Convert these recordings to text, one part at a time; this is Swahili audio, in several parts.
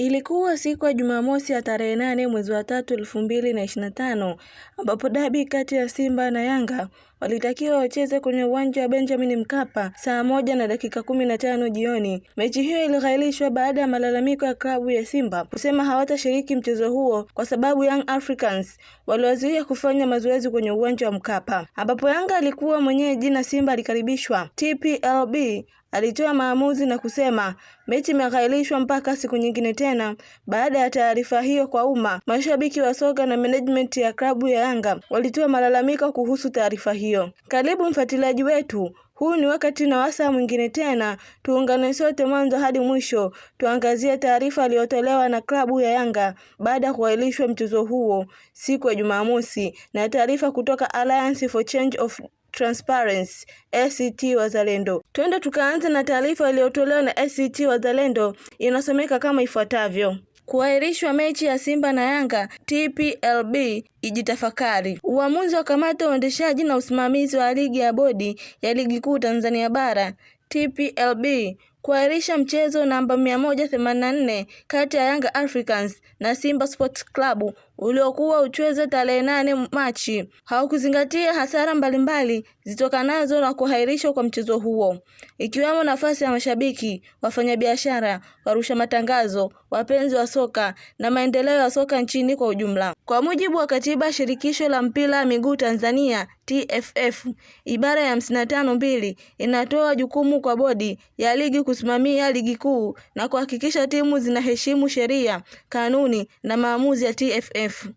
Ilikuwa siku ya Jumamosi ya tarehe nane mwezi wa tatu elfu mbili na ishirini na tano ambapo dabi kati ya Simba na Yanga walitakiwa wacheze kwenye uwanja wa Benjamin Mkapa saa moja na dakika kumi na tano jioni. Mechi hiyo ilighailishwa baada ya malalamiko ya klabu ya Simba kusema hawatashiriki mchezo huo kwa sababu Young Africans waliwazuia kufanya mazoezi kwenye uwanja wa Mkapa, ambapo Yanga alikuwa mwenyeji na Simba alikaribishwa. TPLB alitoa maamuzi na kusema mechi imeghailishwa mpaka siku nyingine tena. Baada ya taarifa hiyo kwa umma, mashabiki wa soka na management ya klabu ya Yanga walitoa malalamiko kuhusu taarifa hiyo hiyo. Karibu mfuatiliaji wetu, huu ni wakati na wasaa mwingine tena, tuungane sote mwanzo hadi mwisho, tuangazie taarifa iliyotolewa na klabu ya Yanga baada ya kuahirishwa mchezo huo siku ya Jumamosi, na taarifa kutoka Alliance for Change of Transparency ACT Wazalendo. Twende tukaanze na taarifa iliyotolewa na ACT Wazalendo, inasomeka kama ifuatavyo kuahirishwa mechi ya Simba na Yanga TPLB ijitafakari. Uamuzi wa kamati ya uendeshaji na usimamizi wa ligi ya bodi ya ligi kuu Tanzania bara TPLB kuahirisha mchezo namba 184 kati ya Yanga Africans na Simba Sports Club uliokuwa uchweze tarehe 8 Machi haukuzingatia hasara mbalimbali zitokanazo na kuhairishwa kwa mchezo huo ikiwemo nafasi ya mashabiki, wafanyabiashara, warusha matangazo, wapenzi wa soka na maendeleo ya soka nchini kwa ujumla. Kwa mujibu wa katiba shirikisho la mpira wa miguu Tanzania TFF ibara ya hamsini na tano mbili inatoa jukumu kwa bodi ya ligi kusimamia ligi kuu na kuhakikisha timu zinaheshimu sheria, kanuni na maamuzi ya TFF.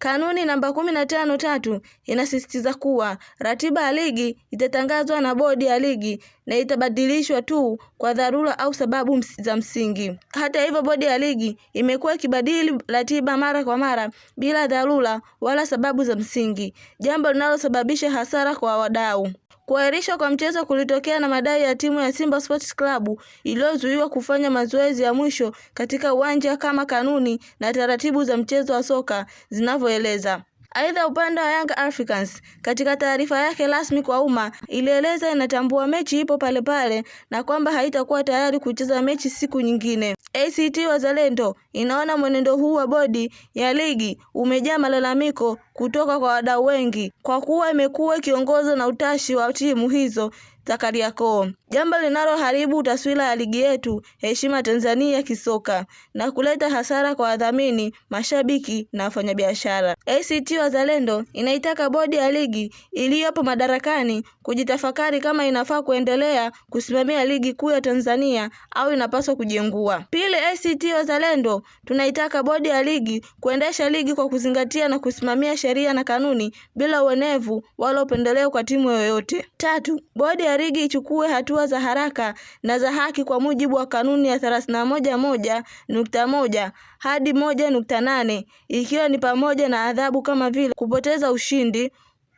Kanuni namba 15.3 inasisitiza kuwa ratiba ya ligi itatangazwa na bodi ya ligi na itabadilishwa tu kwa dharura au sababu za msingi. Hata hivyo, bodi ya ligi imekuwa ikibadili ratiba mara kwa mara bila dharura wala sababu za msingi, jambo linalosababisha hasara kwa wadau. Kuahirishwa kwa mchezo kulitokea na madai ya timu ya Simba Sports Club iliyozuiwa kufanya mazoezi ya mwisho katika uwanja kama kanuni na taratibu za mchezo wa soka zinavyo kueleza. Aidha, upande wa Young Africans katika taarifa yake rasmi kwa umma ilieleza inatambua mechi ipo palepale na kwamba haitakuwa tayari kucheza mechi siku nyingine. ACT Wazalendo inaona mwenendo huu wa bodi ya ligi umejaa malalamiko kutoka kwa wadau wengi, kwa kuwa imekuwa ikiongozwa na utashi wa timu hizo za Kariakoo, jambo linaloharibu taswira ya ligi yetu, heshima Tanzania kisoka na kuleta hasara kwa wadhamini, mashabiki na wafanyabiashara. ACT Wazalendo inaitaka bodi ya ligi iliyopo madarakani kujitafakari kama inafaa kuendelea kusimamia ligi kuu ya Tanzania au inapaswa kujengua. Pili, ACT Wazalendo tunaitaka bodi ya ligi kuendesha ligi kwa kuzingatia na kusimamia sheria na kanuni bila uonevu wala upendeleo kwa timu yoyote. Tatu, bodi ya Rigi ichukue hatua za haraka na za haki kwa mujibu wa kanuni ya thelathini moja moja nukta moja hadi moja nukta nane ikiwa ni pamoja na adhabu kama vile kupoteza ushindi,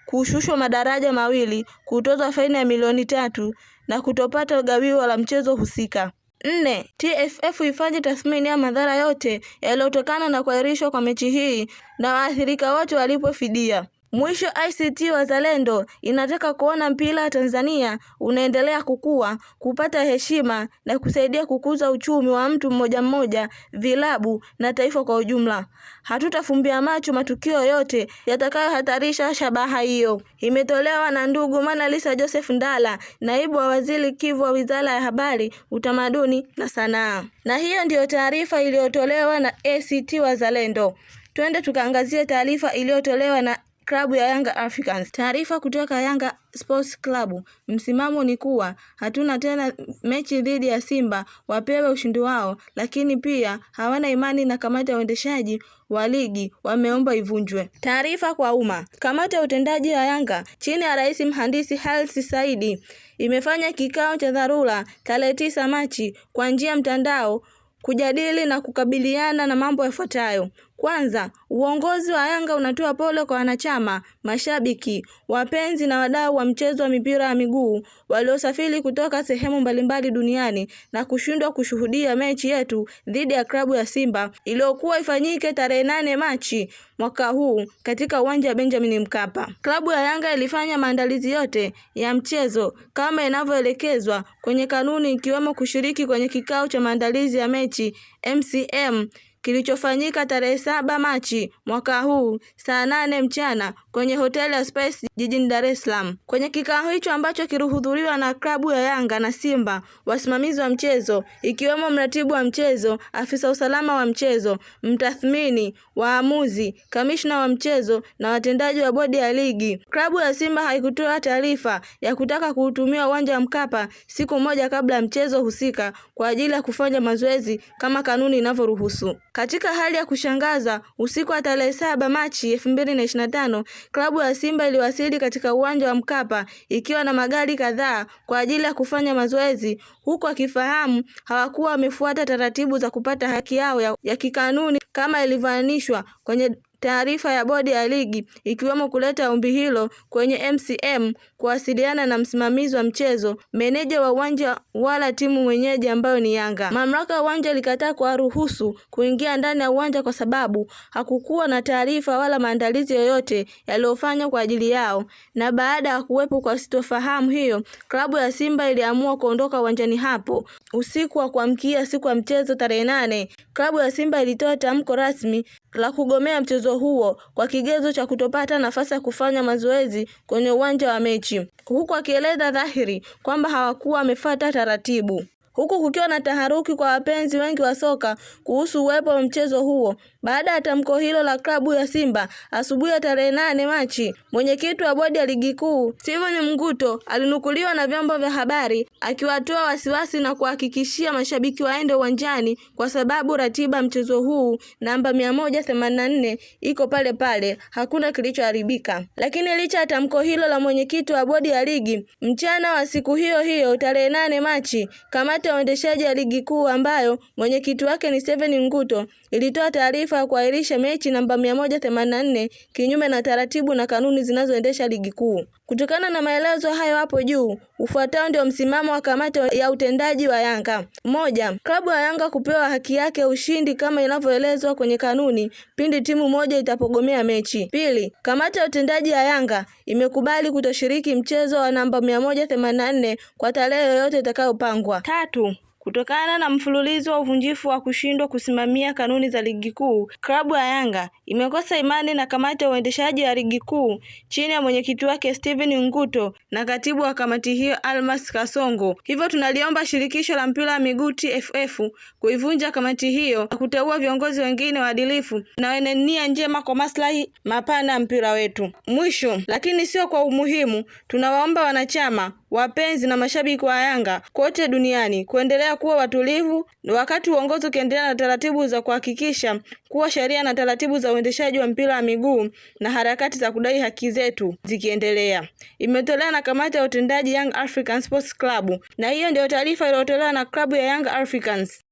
kushushwa madaraja mawili, kutozwa faini ya milioni tatu na kutopata gawio la mchezo husika. Nne, TFF ifanye tathmini ya madhara yote yaliyotokana na kuahirishwa kwa mechi hii na waathirika wote walipofidia Mwisho ICT Wazalendo inataka kuona mpira wa Tanzania unaendelea kukua, kupata heshima na kusaidia kukuza uchumi wa mtu mmoja mmoja, vilabu na taifa kwa ujumla. Hatutafumbia macho matukio yote yatakayohatarisha shabaha hiyo. Imetolewa na ndugu Manalisa Joseph Ndala, naibu wa waziri Kivu wa Wizara ya Habari, Utamaduni na Sanaa. Na hiyo ndiyo taarifa iliyotolewa na ACT Wazalendo. Twende tukaangazie taarifa iliyotolewa na klabu ya Yanga Africans. Taarifa kutoka Yanga Sports Club, msimamo ni kuwa hatuna tena mechi dhidi ya Simba, wapewe ushindi wao, lakini pia hawana imani na kamati ya uendeshaji wa ligi, wameomba ivunjwe. Taarifa kwa umma. Kamati ya utendaji ya Yanga chini ya Rais Mhandisi Hersi Saidi imefanya kikao cha dharura tarehe tisa Machi kwa njia mtandao kujadili na kukabiliana na mambo yafuatayo: kwanza, uongozi wa Yanga unatoa pole kwa wanachama, mashabiki, wapenzi na wadau wa mchezo wa mipira ya miguu waliosafiri kutoka sehemu mbalimbali duniani na kushindwa kushuhudia mechi yetu dhidi ya klabu ya Simba iliyokuwa ifanyike tarehe nane Machi mwaka huu katika uwanja wa Benjamin Mkapa. Klabu ya Yanga ilifanya maandalizi yote ya mchezo kama inavyoelekezwa kwenye kanuni ikiwemo kushiriki kwenye kikao cha maandalizi ya mechi MCM kilichofanyika tarehe saba Machi mwaka huu saa nane mchana kwenye hoteli ya Spice jijini Dar es Salaam. Kwenye kikao hicho ambacho kilihudhuriwa na klabu ya Yanga na Simba, wasimamizi wa mchezo ikiwemo mratibu wa mchezo, afisa usalama wa mchezo, mtathmini, waamuzi, kamishna wa mchezo na watendaji wa bodi ya ligi. Klabu ya Simba haikutoa taarifa ya kutaka kuutumia uwanja wa Mkapa siku moja kabla ya mchezo husika kwa ajili ya kufanya mazoezi kama kanuni inavyoruhusu. Katika hali ya kushangaza, usiku wa tarehe saba Machi 2025, klabu ya Simba iliwasili katika uwanja wa Mkapa ikiwa na magari kadhaa kwa ajili ya kufanya mazoezi, huku wakifahamu hawakuwa wamefuata taratibu za kupata haki yao ya, ya kikanuni kama ilivyoanishwa kwenye taarifa ya bodi ya ligi ikiwemo kuleta ombi hilo kwenye MCM kuwasiliana na msimamizi wa mchezo, meneja wa uwanja wala timu mwenyeji ambayo ni Yanga. Mamlaka ya uwanja ilikataa kuwaruhusu kuingia ndani ya uwanja kwa sababu hakukuwa na taarifa wala maandalizi yoyote yaliyofanywa kwa ajili yao, na baada ya kuwepo kwa sitofahamu hiyo, klabu ya Simba iliamua kuondoka uwanjani hapo. Usiku wa kuamkia siku ya mchezo tarehe nane, klabu ya Simba ilitoa tamko rasmi la kugomea mchezo huo kwa kigezo cha kutopata nafasi ya kufanya mazoezi kwenye uwanja wa mechi wananchi, huku akieleza dhahiri kwamba hawakuwa wamefuata taratibu huku kukiwa na taharuki kwa wapenzi wengi wa soka kuhusu uwepo wa mchezo huo baada ya tamko hilo la klabu ya Simba. Asubuhi ya tarehe nane Machi, mwenyekiti wa bodi ya ligi kuu Steven Mguto alinukuliwa na vyombo vya habari akiwatoa wasiwasi na kuhakikishia mashabiki waende uwanjani kwa sababu ratiba mchezo huu namba 184 iko pale pale, hakuna kilichoharibika. Lakini licha ya tamko hilo la mwenyekiti wa bodi ya ligi, mchana wa siku hiyo hiyo tarehe nane Machi, kamati kamati ya uendeshaji ya ligi kuu ambayo mwenyekiti wake ni Steven Nguto ilitoa taarifa ya kuahirisha mechi namba 184 kinyume na taratibu na kanuni zinazoendesha ligi kuu. Kutokana na maelezo hayo hapo juu, Ufuatao ndio msimamo wa kamati ya utendaji wa Yanga. Moja, klabu ya Yanga kupewa haki yake ushindi kama inavyoelezwa kwenye kanuni pindi timu moja itapogomea mechi. Pili, kamati ya utendaji ya Yanga imekubali kutoshiriki mchezo wa namba 184 kwa tarehe yoyote itakayopangwa. Tatu, Kutokana na mfululizo wa uvunjifu wa kushindwa kusimamia kanuni za ligi kuu, klabu ya Yanga imekosa imani na kamati ya uendeshaji ya ligi kuu chini ya mwenyekiti wake Steven Nguto na katibu wa kamati hiyo Almas Kasongo. Hivyo tunaliomba shirikisho la mpira wa miguu TFF kuivunja kamati hiyo na kuteua viongozi wengine waadilifu na wenye nia njema kwa maslahi mapana ya mpira wetu. Mwisho lakini sio kwa umuhimu, tunawaomba wanachama wapenzi na mashabiki wa Yanga kote duniani kuendelea kuwa watulivu wakati uongozi ukiendelea na taratibu za kuhakikisha kuwa sheria na taratibu za uendeshaji wa mpira wa miguu na harakati za kudai haki zetu zikiendelea. Imetolewa na kamati ya utendaji Young african Sports Club, na hiyo ndio taarifa iliyotolewa na klabu ya Young Africans.